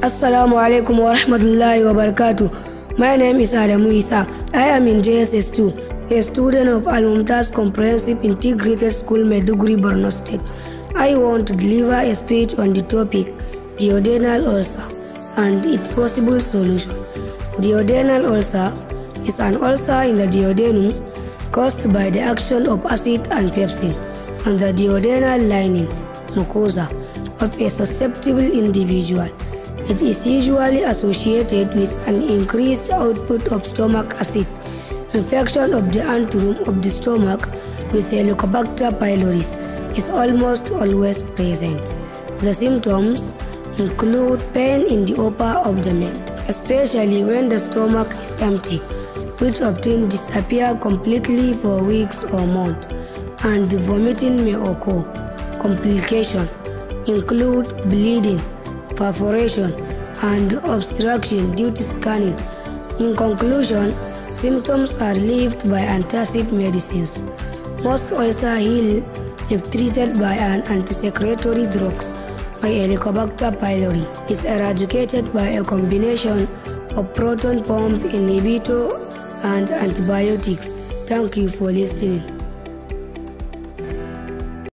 Assalamu alaikum wa rahmatullahi wa barakatuh. My name is Adam Isa. I am in JSS2, a student of Al Mumtaz Comprehensive Integrated School Meduguri Borno State. I want to deliver a speech on the topic duodenal ulcer and its possible solution. Duodenal ulcer is an ulcer in the duodenum caused by the action of acid and pepsin on the duodenal lining mucosa of a susceptible individual. It is usually associated with an increased output of stomach acid, infection of the antrum of the stomach with Helicobacter pylori is almost always present. The symptoms include pain in the upper abdomen, especially when the stomach is empty, which often disappear completely for weeks or months, and vomiting may occur. Complications include bleeding, perforation, and obstruction due to scanning. In conclusion, symptoms are relieved by antacid medicines. Most ulcer heal if treated by an antisecretory drugs by Helicobacter pylori is eradicated by a combination of proton pump inhibitor and antibiotics. Thank you for listening.